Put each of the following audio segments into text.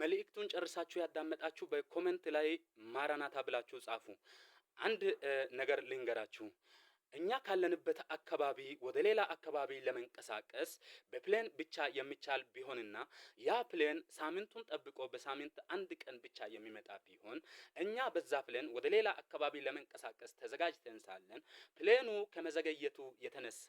መልእክቱን ጨርሳችሁ ያዳመጣችሁ በኮመንት ላይ ማራናታ ብላችሁ ጻፉ። አንድ ነገር ልንገራችሁ። እኛ ካለንበት አካባቢ ወደ ሌላ አካባቢ ለመንቀሳቀስ በፕሌን ብቻ የሚቻል ቢሆንና ያ ፕሌን ሳምንቱን ጠብቆ በሳምንት አንድ ቀን ብቻ የሚመጣ ቢሆን እኛ በዛ ፕሌን ወደ ሌላ አካባቢ ለመንቀሳቀስ ተዘጋጅተን ሳለን ፕሌኑ ከመዘገየቱ የተነሳ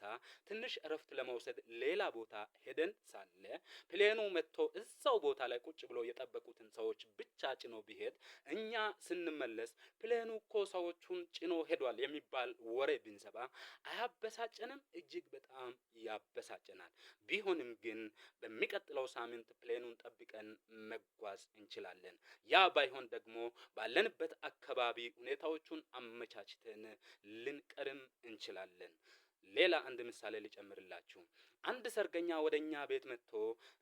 ትንሽ እረፍት ለመውሰድ ሌላ ቦታ ሄደን ሳለ ፕሌኑ መጥቶ እዛው ቦታ ላይ ቁጭ ብሎ የጠበቁትን ሰዎች ብቻ ጭኖ ቢሄድ እኛ ስንመለስ ፕሌኑ እኮ ሰዎቹን ጭኖ ሄዷል የሚባል ወሬ ብንሰ ስንሰባ አያበሳጨንም? እጅግ በጣም ያበሳጨናል። ቢሆንም ግን በሚቀጥለው ሳምንት ፕሌኑን ጠብቀን መጓዝ እንችላለን። ያ ባይሆን ደግሞ ባለንበት አካባቢ ሁኔታዎቹን አመቻችተን ልንቀርም እንችላለን። ሌላ አንድ ምሳሌ ልጨምርላችሁ። አንድ ሰርገኛ ወደ እኛ ቤት መጥቶ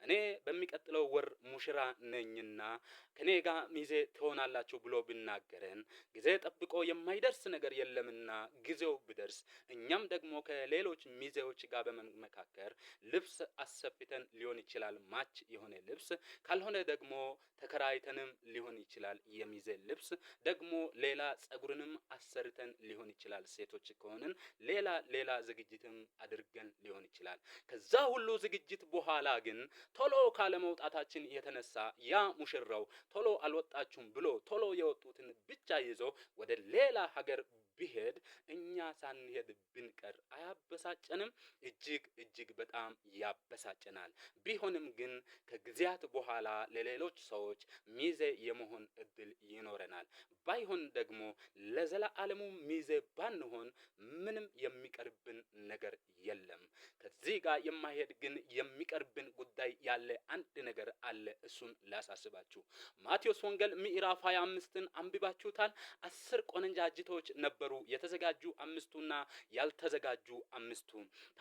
እኔ በሚቀጥለው ወር ሙሽራ ነኝና ከኔ ጋር ሚዜ ትሆናላችሁ ብሎ ብናገረን ጊዜ ጠብቆ የማይደርስ ነገር የለምና ጊዜው ብደርስ እኛም ደግሞ ከሌሎች ሚዜዎች ጋር በመመካከር ልብስ አሰፍተን ሊሆን ይችላል ማች የሆነ ልብስ፣ ካልሆነ ደግሞ ተከራይተንም ሊሆን ይችላል የሚዜ ልብስ ደግሞ ሌላ ጸጉርንም አሰርተን ሊሆን ይችላል ሴቶች ከሆንን ሌላ ሌላ ዝግጅትም አድርገን ሊሆን ይችላል ከዛ ሁሉ ዝግጅት በኋላ ግን ቶሎ ካለመውጣታችን የተነሳ ያ ሙሽራው ቶሎ አልወጣችሁም ብሎ ቶሎ የወጡትን ብቻ ይዞ ወደ ሌላ ሀገር ቢሄድ እኛ ሳንሄድ ብንቀር አያበሳጨንም? እጅግ እጅግ በጣም ያበሳጨናል። ቢሆንም ግን ከጊዜያት በኋላ ለሌሎች ሰዎች ሚዜ የመሆን እድል ይኖረናል። ባይሆን ደግሞ ለዘላ አለሙ ሚዜ ባንሆን ምንም የሚቀርብን ጋር የማይሄድ ግን የሚቀርብን ጉዳይ ያለ አንድ ነገር አለ። እሱን ላሳስባችሁ። ማቴዎስ ወንጌል ምዕራፍ 25ን አንብባችሁታል። አስር ቆነጃጅቶች ነበሩ፣ የተዘጋጁ አምስቱና ያልተዘጋጁ አምስቱ።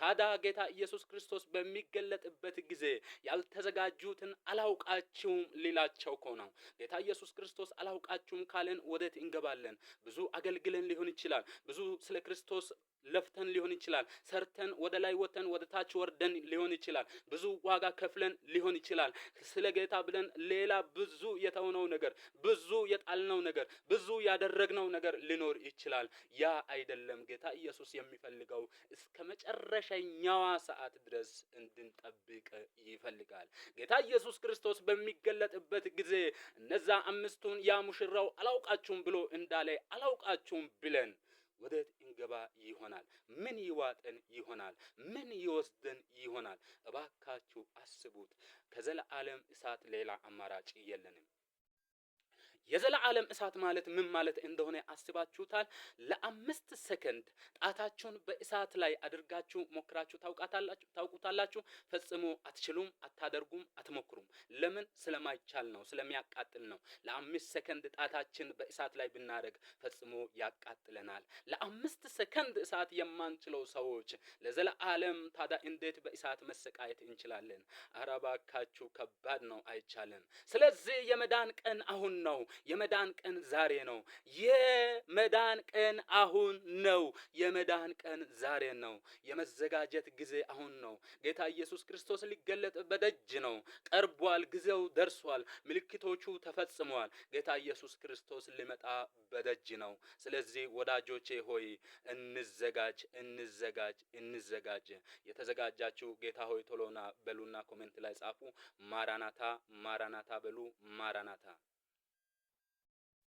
ታዲያ ጌታ ኢየሱስ ክርስቶስ በሚገለጥበት ጊዜ ያልተዘጋጁትን አላውቃችሁም ሊላቸው እኮ ነው። ጌታ ኢየሱስ ክርስቶስ አላውቃችሁም ካለን ወዴት እንገባለን? ብዙ አገልግለን ሊሆን ይችላል። ብዙ ስለ ክርስቶስ ለፍተን ሊሆን ይችላል። ሰርተን ወደ ላይ ወተን ወደ ታች ወርደን ሊሆን ይችላል፣ ብዙ ዋጋ ከፍለን ሊሆን ይችላል። ስለ ጌታ ብለን ሌላ ብዙ የተውነው ነገር፣ ብዙ የጣልነው ነገር፣ ብዙ ያደረግነው ነገር ሊኖር ይችላል። ያ አይደለም ጌታ ኢየሱስ የሚፈልገው። እስከ መጨረሻኛዋ ሰዓት ድረስ እንድንጠብቅ ይፈልጋል። ጌታ ኢየሱስ ክርስቶስ በሚገለጥበት ጊዜ እነዛ አምስቱን ያ ሙሽራው አላውቃችሁም ብሎ እንዳለ አላውቃችሁም ብለን ወዴት እንገባ ይሆናል? ምን ይዋጠን ይሆናል? ምን ይወስደን ይሆናል? እባካችሁ አስቡት። ከዘለዓለም እሳት ሌላ አማራጭ የለንም። የዘላዓለም እሳት ማለት ምን ማለት እንደሆነ አስባችሁታል? ለአምስት ሰከንድ ጣታችሁን በእሳት ላይ አድርጋችሁ ሞክራችሁ ታውቃታላችሁ? ታውቁታላችሁ? ፈጽሞ አትችሉም፣ አታደርጉም፣ አትሞክሩም። ለምን? ስለማይቻል ነው፣ ስለሚያቃጥል ነው። ለአምስት ሰከንድ ጣታችን በእሳት ላይ ብናደርግ ፈጽሞ ያቃጥለናል። ለአምስት ሰከንድ እሳት የማንችለው ሰዎች ለዘላዓለም ታዲያ እንዴት በእሳት መሰቃየት እንችላለን? አረ ከባድ ነው፣ አይቻልም። ስለዚህ የመዳን ቀን አሁን ነው። የመዳን ቀን ዛሬ ነው። የመዳን ቀን አሁን ነው። የመዳን ቀን ዛሬ ነው። የመዘጋጀት ጊዜ አሁን ነው። ጌታ ኢየሱስ ክርስቶስ ሊገለጥ በደጅ ነው። ቀርቧል። ጊዜው ደርሷል። ምልክቶቹ ተፈጽመዋል። ጌታ ኢየሱስ ክርስቶስ ሊመጣ በደጅ ነው። ስለዚህ ወዳጆቼ ሆይ እንዘጋጅ፣ እንዘጋጅ፣ እንዘጋጅ። የተዘጋጃችሁ ጌታ ሆይ ቶሎና በሉና ኮሜንት ላይ ጻፉ። ማራናታ ማራናታ በሉ ማራናታ